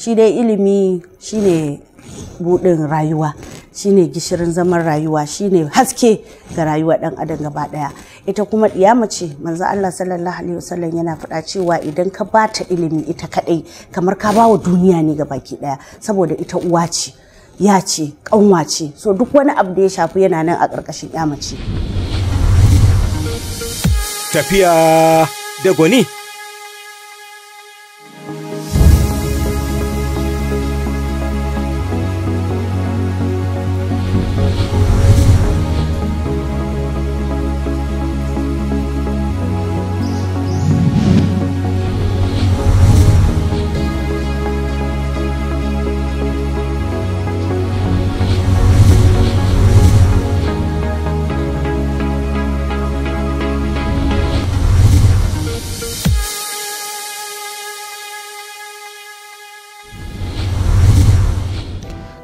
shi dai ilimi shine buɗin rayuwa shine gishirin zaman rayuwa shine haske ga rayuwa ɗan adam gaba ɗaya ita kuma ɗiyama ce manzo Allah sallallahu alaihi wasallam yana faɗa cewa idan ka ba ta ilimi ita kaɗai kamar ka bawa duniya ne ga baki ɗaya saboda ita uwa ce ya ce ƙanwa ce so duk wani abu da ya shafi yana nan a ƙarƙashin mace. tafiya da gwani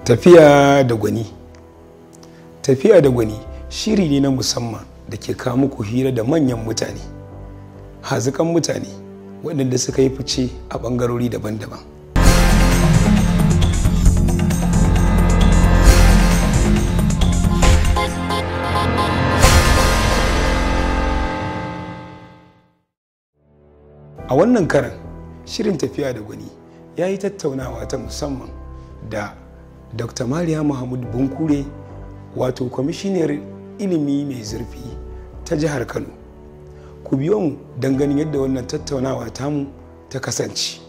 tafiya da gwani tafiya da gwani shiri ne na musamman da ke kawo muku hira da manyan mutane hazikan mutane waɗanda suka yi fice a ɓangarori daban-daban a wannan karan shirin tafiya da gwani ya yi tattaunawa ta musamman da dr mariya mahmud bunkure wato kwamishiniyar ilimi mai zurfi ta jihar kano ku biyo mu don ganin yadda wannan tattaunawa tamu ta kasance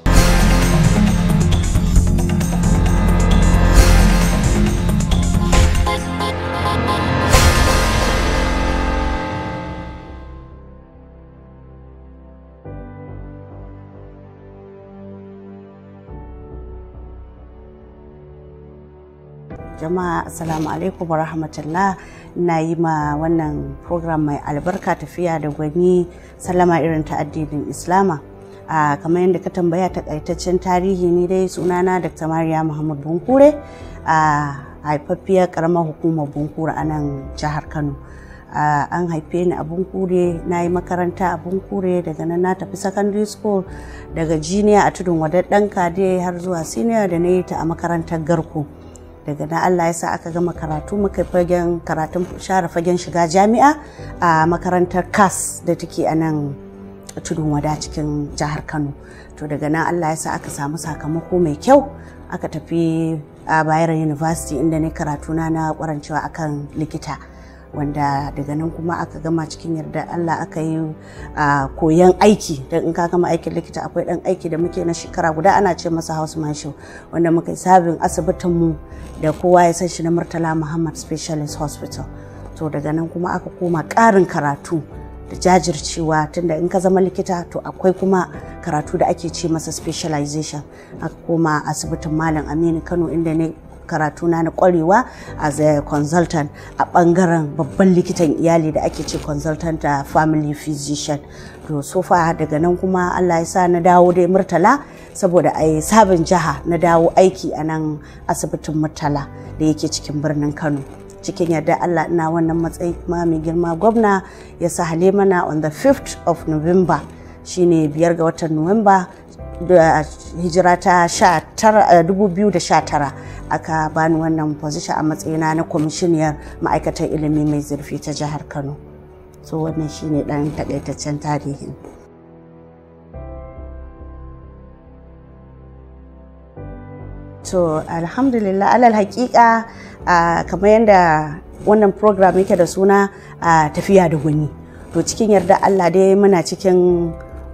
jama'a assalamu alaikum rahmatullah na yi ma wannan program mai albarka tafiya da gwani salama irin ta addinin islama a kamar yadda ka tambaya takaitaccen tarihi ni dai sunana dr mariya muhammad bunkure a haifaffiyar karamar hukumar bunkure a nan jihar kano an haife ni a bunkure na yi makaranta a bunkure daga nan na tafi secondary school daga jiniya a tudun wadaddan kade har zuwa senior da na yi ta a makarantar garko daga nan Allah ya sa aka gama karatu muka fagen karatun share fagen shiga jami'a a makarantar kas da take a nan tudun wada cikin jihar kano to daga nan Allah ya sa aka samu sakamako mai kyau aka tafi a bayero university inda ne karatu na na kwarancewa akan likita wanda daga nan kuma aka gama cikin yarda Allah aka yi koyan aiki don in ka gama aikin likita akwai dan aiki da muke na shekara guda ana ce masa house mansion wanda muka yi sabin asibitin mu da kowa ya san shi na Murtala Muhammad Specialist Hospital to daga nan kuma aka koma ƙarin karatu da jajircewa tunda in ka zama likita to akwai kuma karatu da ake ce masa specialization aka koma asibitin Malam Aminu Kano inda ne karatuna na kwarewa as a consultant a bangaren babban likitan iyali da ake ce consultant a family physician to so far daga nan kuma allah ya sa na dawo dai murtala saboda a sabon jiha na dawo aiki a nan asibitin murtala da yake cikin birnin kano cikin yadda allah na wannan matsayi kuma mai girma gwamna ya sa mana on the 5th of november shine biyar ga watan nuwamba da hijira ta 2019 aka bani wannan position a matsayina na kwamishiniyar ma'aikatar ilimi mai zurfi ta jihar kano so wannan shine ɗan takaitaccen tarihin to alhamdulillah alal hakika kamar yadda wannan program yake da suna tafiya da guni to cikin yarda allah dai muna cikin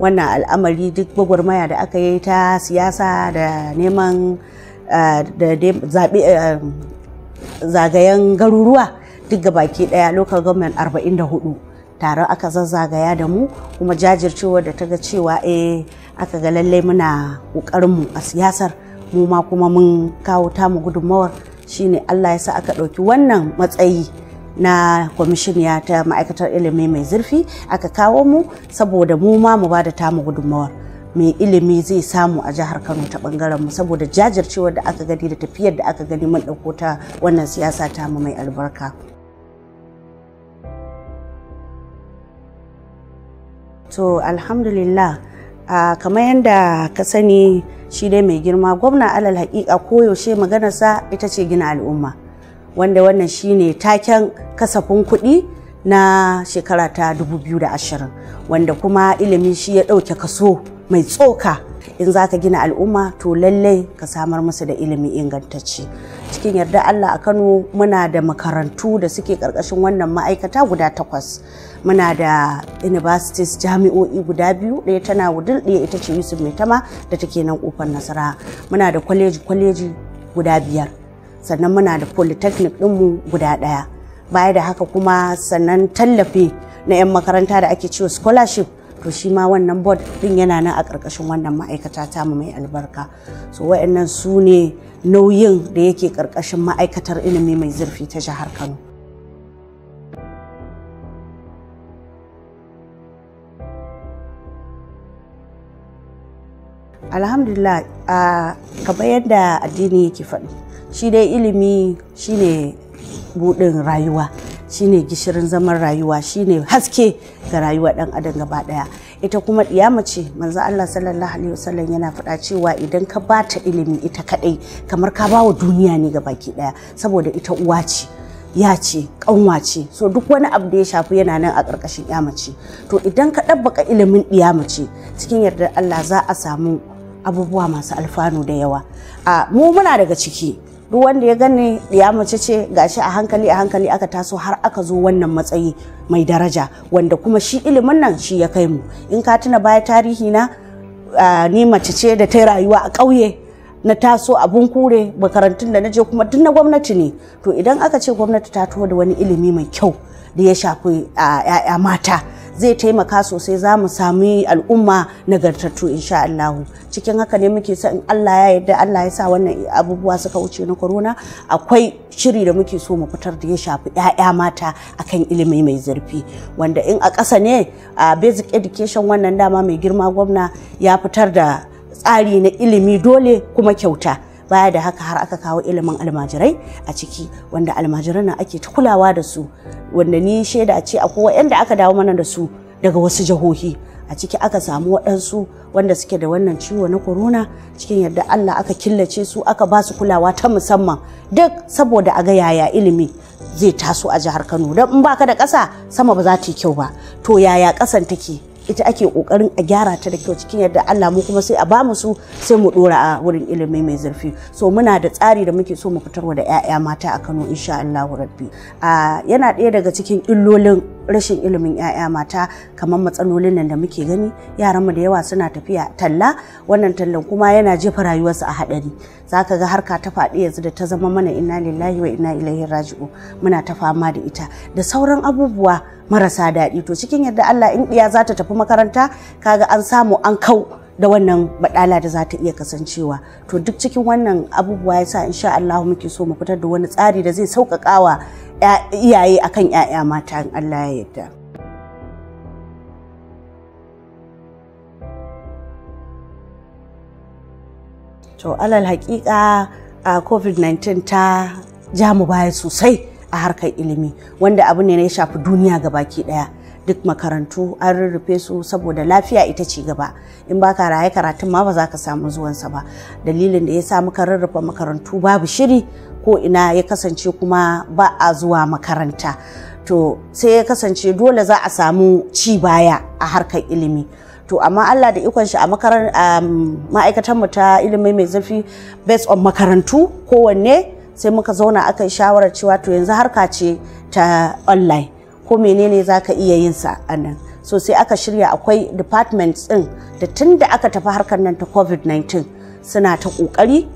wannan al'amari duk gwagwarmaya da aka yi ta siyasa da neman da zagayen garuruwa duk ga baki ɗaya local government 44 tare aka zazzagaya da mu kuma jajircewa da ta ga cewa eh aka ga lallai muna mu a siyasar mu ma kuma mun kawo tamu gudunmawar shine Allah ya sa aka ɗauki wannan matsayi na kwamishiniya ta ma'aikatar ilimi mai zurfi aka kawo mu saboda mu ma mu bada da tamu gudunmawar mai ilimi zai samu a jihar kano ta bangaren mu saboda jajircewar da aka gani da tafiyar da aka gani mun ɗauko ta wannan siyasa ta mu mai albarka to alhamdulillah uh, kamar yadda ka sani shi dai mai girma gwamna alal haƙiƙa koyaushe maganarsa ita ce gina al'umma wanda wannan shi ne taken kasafin kuɗi na shekara ta 2020 wanda kuma ilimi shi ya ɗauke kaso mai tsoka in za ka gina al'umma to lallai ka samar musu da ilimi ingantacce cikin yarda Allah a Kano muna da makarantu da suke karkashin wannan ma'aikata guda takwas muna da universities jami'o'i guda biyu ɗaya tana wudil ɗaya ita ce yusuf maitama da take nan kofar nasara muna da kwaleji kwaleji guda biyar sannan muna da polytechnic ɗinmu guda ɗaya baya da haka kuma sannan tallafi na 'yan makaranta da ake cewa scholarship to shi ma wannan board din yana nan a ƙarƙashin wannan ma'aikata ta mu mai albarka so wa'annan su ne nauyin da yake ƙarƙashin ma'aikatar ilimi mai zurfi ta jihar kano alhamdulillah a kamar yadda addini yake faɗi shi dai ilimi shine buɗin rayuwa shine gishirin zaman rayuwa shine haske ga rayuwa dan adam gaba daya ita kuma diyama ce manzo Allah sallallahu alaihi wasallam yana faɗa cewa idan ka bata ilimi ita kadai kamar ka bawa duniya ne gabaki daya saboda ita uwa ce ya ce kanwa ce so duk wani abu da ya shafi yana nan a ƙarƙashin ya mace to idan ka ɗabbaka ilimin ɗiya mace cikin yardar Allah za a samu abubuwa masu alfanu da yawa a mu muna daga ciki duk wanda ya gane ya mace ce gashi a hankali a hankali aka taso har aka zo wannan matsayi mai daraja wanda kuma shi ilimin nan shi ya kai mu in ka tuna baya tarihi na ni mace ce da ta rayuwa a ƙauye na taso abun kure makarantun da na je kuma duk na gwamnati ne to idan aka ce gwamnati ta taho da wani ilimi mai kyau da ya shafi 'ya'ya mata zai taimaka sosai za mu sami al'umma nagartattu insha Allah cikin haka ne muke sa in Allah ya yarda Allah ya sa wannan abubuwa suka wuce na corona akwai shiri da muke so mu fitar da ya shafi ƴaƴa mata akan ilimi mai zurfi wanda in a ƙasa ne a basic education wannan dama mai girma gwamna ya fitar da tsari na ilimi dole kuma kyauta baya da haka har aka kawo ilimin almajirai a ciki wanda almajiran nan ake kulawa da su wanda ni shaida ce akwai waɗanda aka dawo mana da su daga wasu jihohi a ciki aka samu waɗansu wanda suke da wannan ciwo na corona cikin yadda Allah aka killace su aka ba su kulawa ta musamman duk saboda a ga yaya ilimi zai taso a jihar Kano don in baka da ƙasa sama ba za ta yi kyau ba to yaya ƙasan take ita ake kokarin a gyara ta da kyau cikin yadda Allah mu kuma sai a ba mu su sai mu dora a wurin ilimi mai zurfi so muna da tsari da muke so mu fitarwa da 'ya'ya mata a Kano insha allahu rabbi ah, yana ɗaya daga cikin illolin rashin ilimin 'ya'ya mata kamar matsalolin nan da muke gani yaran mu da yawa suna tafiya talla wannan tallan kuma yana jefa rayuwarsu a haɗari za ka ga harka ta faɗi yanzu da ta zama mana inna lillahi wa inna ilaihi raji'u muna ta fama da ita da sauran abubuwa marasa daɗi to cikin yadda Allah in ɗiya za ta tafi makaranta kaga an samu an kau da wannan baɗala da za ta iya kasancewa to duk cikin wannan abubuwa ya sa insha Allah muke so mu fitar da wani tsari da zai sauƙaƙa wa iyaye akan 'ya'ya mata in Allah ya yarda. to alal haƙiƙa a covid-19 ta ja mu baya sosai a harkar ilimi wanda abu ne ya shafi duniya ga baki daya duk makarantu an rurrufe su saboda lafiya ita ce gaba in ba ka raye karatun ma ba za ka samu zuwansa ba dalilin da ya sa muka rurrufe makarantu babu shiri ko ina ya kasance kuma ba a zuwa makaranta to sai ya kasance dole za a samu ci baya a harkar ilimi to amma Allah da ikon shi a ma'aikatar mu ta ilimi mai zafi based on makarantu kowanne sai muka zauna aka yi shawarar cewa to yanzu harka ce ta online ko menene za ka iya yin sa a nan so sai aka shirya akwai departments din da tun da aka tafi harkar nan ta covid-19 suna ta kokari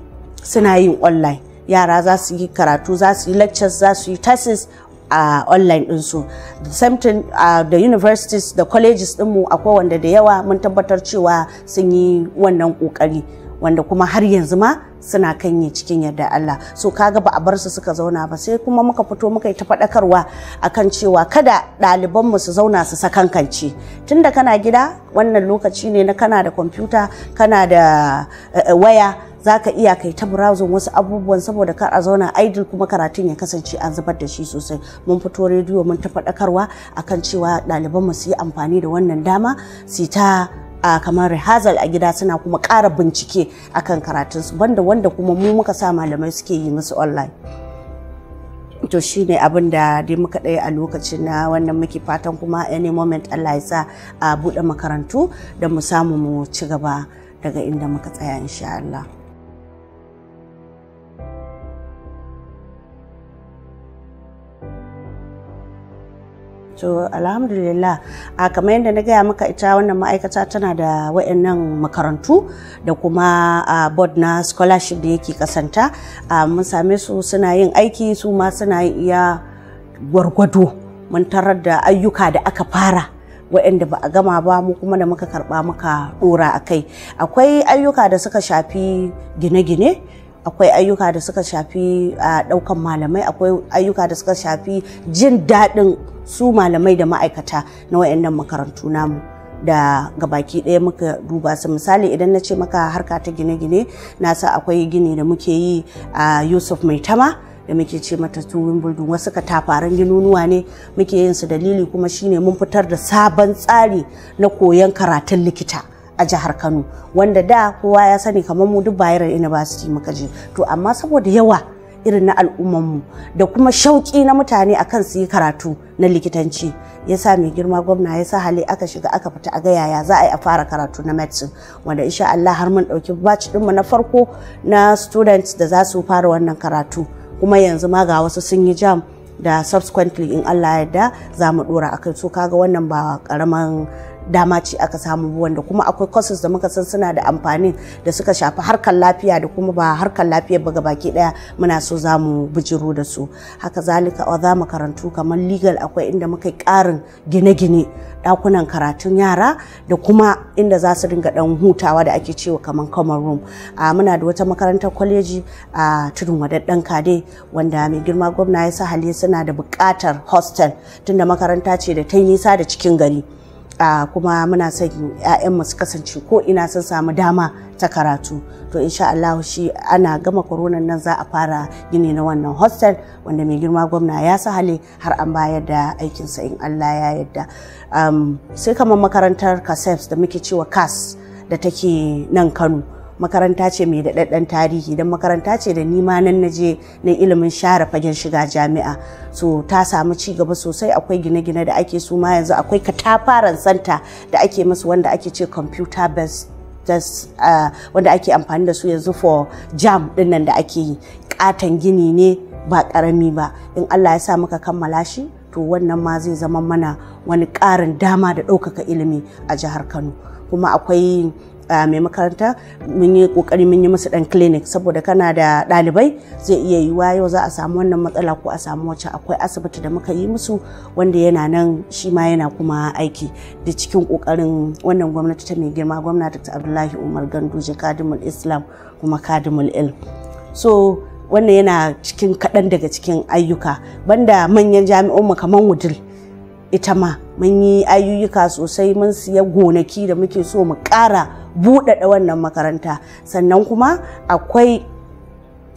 suna yin online yara za su yi karatu za su yi lectures za su yi tests a uh, online ɗinsu the same thing uh, the universities da colleges ɗinmu akwai wanda da yawa mun tabbatar cewa sun yi wannan kokari. wanda kuma har yanzu ma suna kanye cikin yadda Allah so kaga ba a bar su suka zauna ba sai kuma muka fito muka yi ta faɗakarwa akan cewa kada ɗalibanmu su zauna su sakankance tunda kana gida wannan lokaci ne na kana da kwamfuta kana da eh, eh, waya za ka iya kai ta browsing wasu abubuwan saboda kar a zauna idle kuma karatun ya kasance an zubar da shi sosai mun fito rediyo mun ta faɗakarwa akan cewa ɗalibanmu su yi amfani da wannan dama su ta a kamar rehazal a gida suna kuma ƙara bincike akan karatunsu banda wanda kuma mu muka sa malamai suke yi musu online to shine abin da dai muka ɗaya a lokacin na wannan muke fatan kuma any moment Allah ya sa a buɗe makarantu da mu samu mu ci gaba daga inda muka tsaya insha Allah. to alhamdulillah a kamar yadda na gaya maka ita wannan ma'aikata tana da wayannan makarantu da kuma a board na scholarship da yake kasanta mun same su suna yin aiki su ma suna iya gwargwado mun tarar da ayyuka da aka fara waɗanda ba a gama ba mu kuma da muka karɓa muka ɗora a kai akwai ayyuka da suka shafi gine-gine akwai ayyuka da suka shafi a daukan malamai akwai ayyuka da suka shafi jin daɗin su malamai da ma'aikata na wayannan makarantu namu da gabaki ɗaya muka duba su misali idan na ce maka harka ta gine-gine na sa akwai gini da muke yi a yusuf mai tama da muke ce mata tuwin buldun wasu ka katafaren ginunuwa ne muke yin su dalili kuma shine mun fitar da sabon tsari na koyon karatun likita. a jihar Kano wanda da kowa ya sani kamar mu duk Bayero University muka je to amma saboda yawa irin na mu da kuma shauƙi na mutane akan su yi karatu na likitanci ya sa mai girma gwamna ya sa hali aka shiga aka fita a ga yaya za a yi a fara karatu na medicine wanda insha Allah har mun ɗauki batch mu na farko na students da za su fara wannan karatu kuma yanzu ma ga wasu sun yi jam da subsequently in Allah ya yarda za mu dora kai so kaga wannan ba karaman dama ce aka samu wanda kuma akwai courses da muka san suna da amfanin da suka shafi harkar lafiya da kuma ba harkar lafiya ba gabaki daya muna so za mu bijiro da su haka zalika a za mu karantu kamar legal akwai inda muka karin gine-gine dakunan karatun yara da kuma inda za su dinga dan hutawa da ake cewa kamar common room muna da wata makarantar kwaleji a tudun wadaddan kade wanda mai girma gwamna ya sa hali suna da bukatar hostel tunda makaranta ce da ta yi nisa da cikin gari a kuma muna son mu su kasance ko ina sun samu dama ta karatu to insha Allah shi ana gama koronan nan za a fara gini na wannan hostel wanda mai girma gwamna ya sahale har an bayar da aikinsa in Allah ya yarda sai kamar makarantar kasefs da muke cewa kas da take nan kano makaranta ce mai daɗaɗɗen tarihi don makaranta ce da nima nan na je na ilimin share fagen shiga jami'a so ta samu ci gaba sosai akwai gine-gine da ake su ma yanzu akwai katafaren santa da ake masu wanda ake ce computer best, ah, wanda ake amfani da su yanzu for jam ɗinnan da ake yi katon gini ne ba karami ba in Allah ya sa muka kammala shi to wannan ma zai zama mana wani ƙarin dama da ɗaukaka ilimi a jihar Kano kuma akwai mai makaranta mun yi kokari mun yi musu dan clinic saboda kana da ɗalibai zai iya yiwa yau za a samu wannan matsala ko a samu wacce akwai asibiti da muka yi musu wanda yana nan shi ma yana kuma aiki da cikin kokarin wannan gwamnati ta mai girma gwamnati ta Abdullahi Umar Ganduje Kadimul Islam kuma Kadimul Ilm so wannan yana cikin kaɗan daga cikin ayyuka banda manyan mu kamar wudil ita ma mun yi ayyuka sosai mun siya gonaki da muke so mu ƙara buɗaɗa wannan makaranta sannan kuma akwai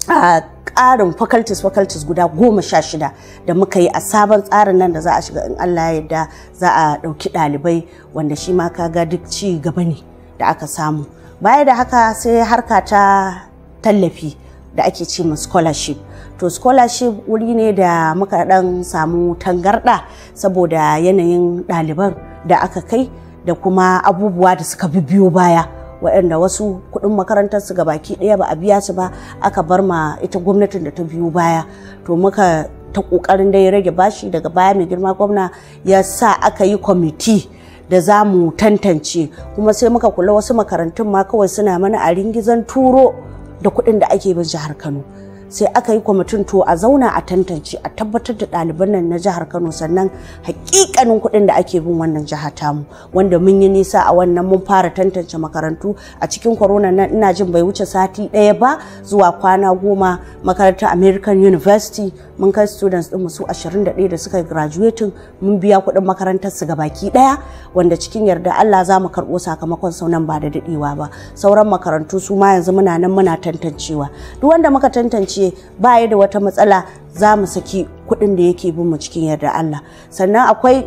a ƙarin faculties faculties guda goma sha shida da muka yi a sabon tsarin nan da za a shiga in Allah ya yarda za a ɗauki ɗalibai wanda shi ma kaga duk ci gaba ne da aka samu baya da haka sai harka ta tallafi da ake ce ma scholarship to scholarship wuri ne da muka ɗan samu tangarɗa saboda yanayin ɗaliban da aka kai da kuma abubuwa da suka bi biyu baya waɗanda wasu kuɗin makarantar su ga baki ɗaya ba a biya su ba aka bar ma ita gwamnatin da ta biyo baya to muka ta ƙoƙarin dai rage bashi daga baya mai girma gwamna ya sa aka yi kwamiti da za mu tantance kuma sai muka kula wasu makarantun ma kawai suna mana a ringizan turo da kuɗin da ake bin jihar kano sai aka yi kwamitin to a zauna a tantance a tabbatar da ɗaliban nan na jihar kano sannan hakikanin kuɗin da ake bin wannan jiha tamu wanda mun yi nisa a wannan mun fara tantance makarantu a cikin corona nan ina jin bai wuce sati ɗaya ba zuwa kwana goma makarantar american university mun kai students ɗinmu su 21 da suka graduating mun biya kuɗin makarantar su gabaki ɗaya wanda cikin yarda allah za mu karɓo sakamakon sau ba da daɗewa ba sauran makarantu su ma yanzu muna nan muna tantancewa duk wanda muka tantance ce ba da wata matsala za mu saki kuɗin da yake bin mu cikin yarda Allah sannan akwai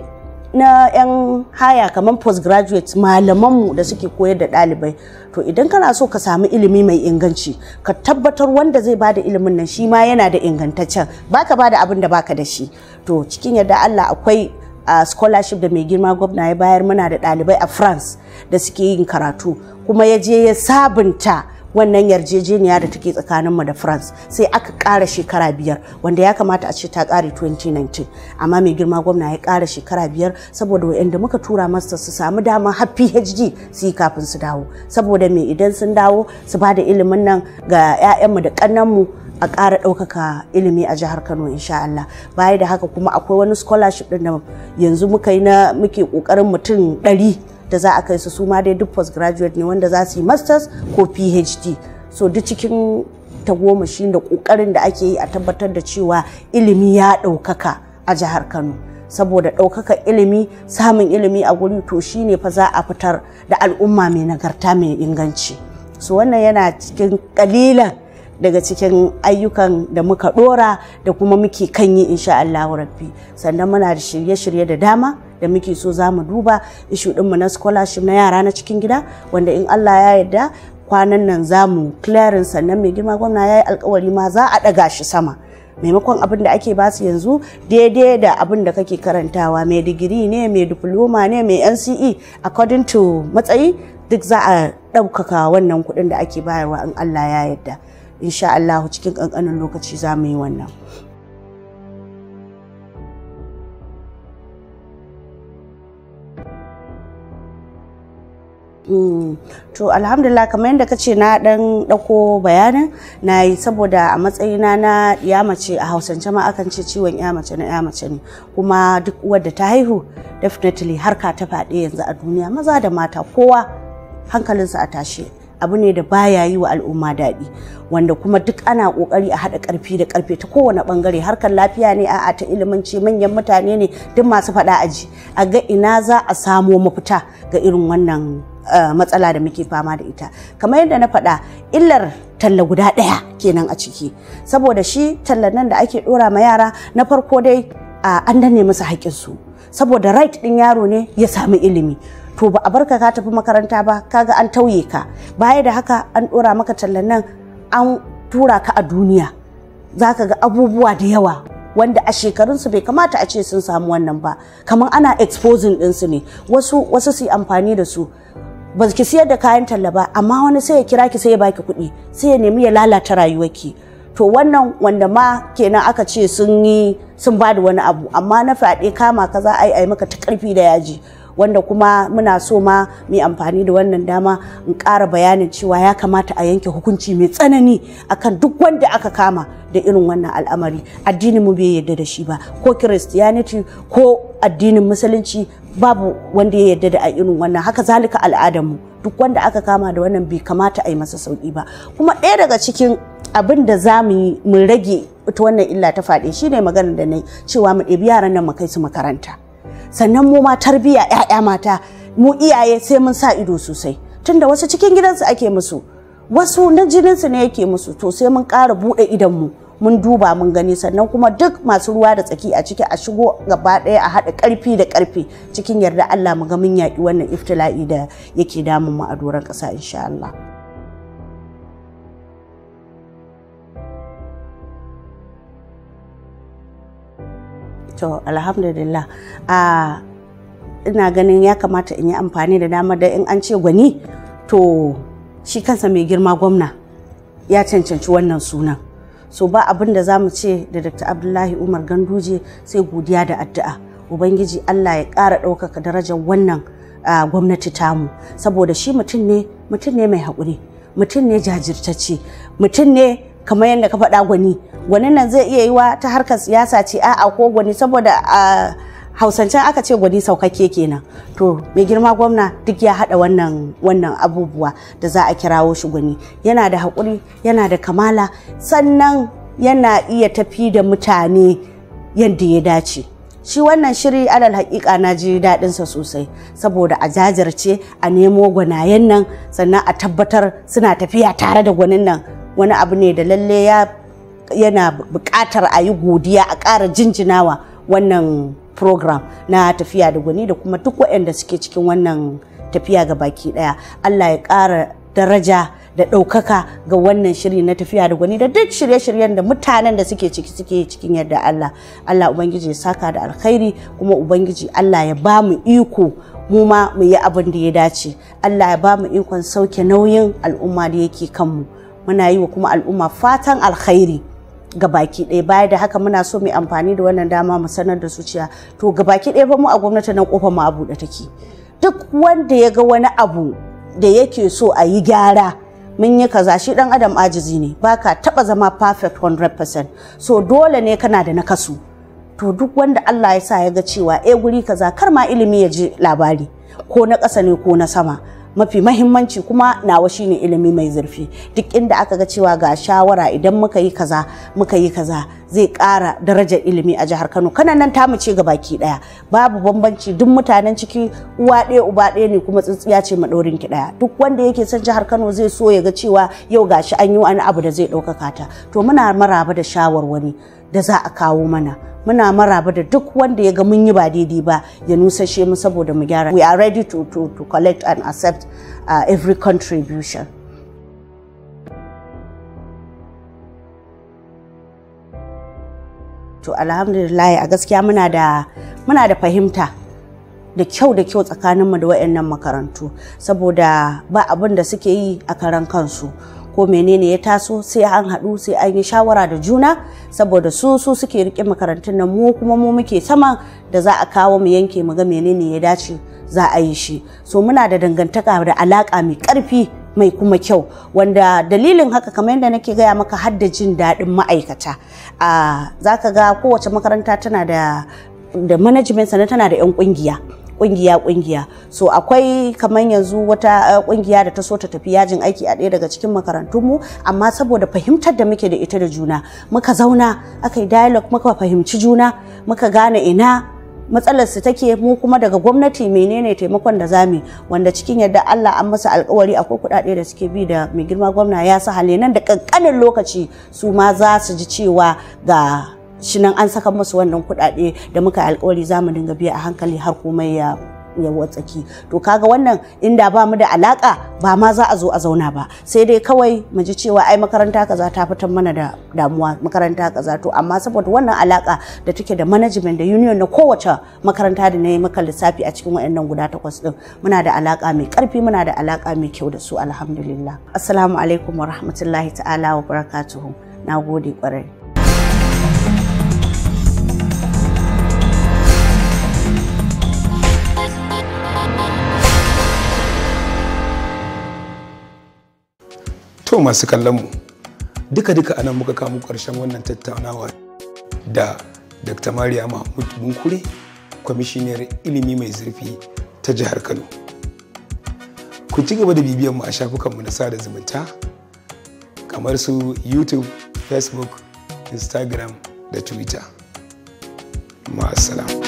na 'yan haya kamar postgraduate malamanmu da suke koyar da ɗalibai to idan kana so ka samu ilimi mai inganci ka tabbatar wanda zai bada ilimin nan shi ma yana da ingantaccen baka bada abin da baka da shi to cikin yarda Allah akwai a ah, scholarship da mai girma gwamna ya bayar muna da ɗalibai a france da suke yin karatu kuma ya je ya sabunta wannan yarjejeniya da take tsakaninmu da france sai aka ƙara shekara biyar wanda ya kamata a ce ta ƙare 2019 amma mai girma gwamna ya ƙara shekara biyar saboda wa'anda muka tura masa su samu damar har phd su yi kafin su dawo saboda mai idan sun dawo su ba da ilimin nan ga 'ya'yanmu da ƙannanmu a ƙara ɗaukaka ilimi a jihar Kano insha Allah baya da haka kuma akwai wani scholarship ɗin da yanzu muka yi na muke ƙoƙarin mutum ɗari da za a kai su suma dai duk postgraduate ne wanda za su yi masters ko phd so duk cikin ta tagomashi da kokarin da ake yi a tabbatar da cewa ilimi ya ɗaukaka a jihar kano saboda ɗaukaka ilimi samun ilimi a guri to shine fa za a fitar da al'umma mai nagarta mai inganci so wannan yana cikin ƙalilan. daga cikin ayyukan da muka dora da kuma muke kan yi insha Allah rabbi sannan muna da shirye-shirye da dama da muke so za mu duba ishu ɗinmu na scholarship na yara na cikin gida wanda in Allah ya yarda kwanan nan za mu clearing sannan mai girma gwamna ya yi alkawari ma za a ɗaga shi sama maimakon abin da ake basu yanzu daidai da abin da kake karantawa mai digiri ne mai diploma ne mai nce according to matsayi duk za a ɗaukaka wannan kuɗin da ake bayarwa in allah ya yarda insha Allah cikin ƙanƙanin lokaci za mu yi wannan hmm, to alhamdulillah kamar yadda kace na dan dauko bayanin na yi saboda a matsayina na ya mace a hausance ma akan ce ciwon ya mace na ya mace ne kuma duk wadda ta haihu definitely harka ta faɗi yanzu a duniya maza da mata kowa hankalinsa a tashe abu ne da baya yi wa al'umma daɗi wanda kuma duk ana ƙoƙari a haɗa ƙarfi da ƙarfe ta kowane ɓangare harkar lafiya ne a'a ta ilimanci manyan mutane ne duk masu faɗa aji a ga ina za a samo mafita ga irin wannan eh, matsala da muke fama da ita kamar yadda na faɗa illar talla guda ɗaya kenan a ciki saboda shi tallan nan da ake ɗora ma yara na farko dai an danne hakkin haƙƙinsu saboda right ɗin yaro ne ya samu ilimi to ba a barka ka tafi makaranta ba kaga an tauye ka baya da haka an dora maka tallan nan an tura ka a duniya za ka ga abubuwa da yawa wanda a shekarunsu bai kamata a ce sun samu wannan ba kamar ana exposing ɗinsu ne wasu wasu su amfani da su ba ki siyar da kayan talla ba amma wani sai ya kira ki sai ya baki kuɗi sai ya nemi ya lalata rayuwarki to wannan wanda ma kenan aka ce sun yi sun bada wani abu amma na fyaɗe kama ka kaza a yi maka ta ƙarfi da yaji wanda kuma muna so ma mai amfani da wannan dama in ƙara bayanin cewa ya kamata a yanke hukunci mai tsanani akan duk wanda aka kama da irin wannan al'amari addinin mu bai yarda da shi ba ko christianity ko addinin musulunci babu wanda ya yarda da a irin wannan haka zalika al'adar mu duk wanda aka kama da wannan bai kamata a yi masa sauki ba kuma ɗaya daga cikin abin da za mu yi mu rage ita wannan illa ta faɗi shine magana da na cewa mu ɗebi yaran nan mu kai su makaranta sannan mu ma tarbiya 'ya'ya mata mu iyaye sai mun sa ido sosai tunda wasu cikin gidansu ake musu wasu na jininsu ne yake musu to sai mun ƙara buɗe idonmu mun duba mun gani sannan kuma duk masu ruwa da tsaki a ciki a shigo gaba ɗaya a haɗa ƙarfi da ƙarfi cikin yarda Allah mu ga mun yaƙi wannan iftila'i da yake damun mu a doron ƙasa insha Allah. to alhamdulillah a ina ganin ya kamata in yi amfani da dama da in an ce gwani to shi kansa mai girma gwamna ya cancanci wannan sunan so ba abin da za mu ce da dr abdullahi umar ganduje sai godiya da addu'a ubangiji allah ya ƙara ɗaukaka darajar wannan gwamnati tamu saboda shi mutum ne mutum ne mai haƙuri mutum ne jajirtacce mutum ne kamar yadda ka faɗa gwani gwanin nan zai iya yiwa ta harkar siyasa ce a'a ko gwani saboda a hausance aka ce gwani saukakke kenan to mai girma gwamna duk ya haɗa wannan wannan abubuwa da za a kirawo shi gwani yana da haƙuri yana da kamala sannan yana iya tafi da mutane yadda ya dace shi wannan shiri alal hakika na ji daɗinsa sosai saboda a jajirce a nemo gwanayen nan sannan a tabbatar suna tafiya tare da gwanin nan wani abu ne da lalle ya yana buƙatar a yi godiya a ƙara jinjinawa wannan program na tafiya da gwani da kuma duk waɗanda suke cikin wannan tafiya ga baki ɗaya allah ya ƙara daraja da ɗaukaka ga wannan shiri na tafiya da gwani da duk shirye-shiryen da mutanen da suke ciki suke cikin yadda Allah Allah ubangiji ya saka da alkhairi kuma ubangiji Allah ya ba mu iko mu ma mu yi abin da ya dace Allah ya ba mu ikon sauke nauyin al'umma da yake kanmu muna yi wa kuma al'umma fatan alkhairi ga baki ɗaya baya da haka muna so mai amfani da wannan dama mu sanar da su zuciya to ga baki ɗaya fa mu a gwamnati nan kofar mu a buɗe take duk wanda ya ga wani abu da yake so a yi gyara mun yi kaza shi dan adam ajizi ne baka taɓa zama perfect 100% so dole ne kana da nakasu to duk wanda Allah ya sa ya ga cewa eh guri kaza kar ma ilimi ya ji labari ko na ƙasa ne ko na sama mafi mahimmanci kuma nawa shine ilimi mai zurfi duk inda aka ga cewa ga shawara idan muka yi kaza muka yi kaza zai ƙara darajar ilimi a jihar Kano kana nan mu ce baki daya babu bambanci duk mutanen ciki uwa ɗaya uba ɗaya ne kuma tsintsiya ce maɗorin ki daya duk wanda yake son jihar Kano zai so ya ga cewa yau gashi an yi wani abu da zai ɗaukaka ta to muna maraba da shawarwari da za a kawo mana muna maraba da duk wanda ya ga mun yi ba daidai ba ya nusashe mu saboda mu gyara we are ready to, to, to collect and accept uh, every contribution to alhamdulillah a gaskiya muna da muna da fahimta da kyau da kyau tsakaninmu da wayannan makarantu saboda ba abin da suke yi a karan kansu ko menene ya taso sai an haɗu sai an yi shawara da juna saboda su su suke rike makarantun nan mu kuma mu muke sama da za a kawo mu yanke mu ga menene ya dace za a yi shi so muna da dangantaka da alaka mai karfi mai kuma kyau wanda dalilin haka kamar yadda nake gaya maka har da jin daɗin ma'aikata za ka ga kowace makaranta tana da da management sannan tana da 'yan ƙungiya. kungiya kungiya so akwai kamar yanzu wata eh, kungiya da ta so ta tafi yajin aiki a ɗaya daga cikin makarantun mu amma saboda fahimtar da muke da ita da juna muka zauna aka yi dialogue muka fahimci juna muka gane ina matsalar su take mu kuma daga gwamnati menene taimakon da zamu wanda cikin yadda Allah an masa alkawari akwai kuɗaɗe da suke bi da mai girma gwamna ya sa hale nan da kankanin lokaci su ma za su ji cewa ga shi nan an saka masu wannan kuɗaɗe da muka yi alkawari za mu dinga biya a hankali har komai ya ya watsaki to kaga wannan inda ba mu da alaka ba ma za a zo a zauna ba sai dai kawai mu ji cewa ai makaranta kaza ta fitar mana da damuwa makaranta kaza to amma saboda wannan alaka da take da management da union na kowace makaranta da nayi maka lissafi a cikin wayannan guda takwas din muna da alaka mai karfi muna da alaka mai kyau da su alhamdulillah assalamu alaikum wa rahmatullahi ta'ala wa barakatuhu nagode kwarai so masu kallon mu duka-duka anan muka kamo karshen wannan tattaunawa da Dr. Mariya Mahmud Bunkure, kwamishiniyar ilimi mai zurfi ta jihar Kano. Ku ci gaba da bibiyan mu a shafukanmu na sada zumunta kamar su YouTube, Facebook, Instagram da Twitter. Ma'asalam.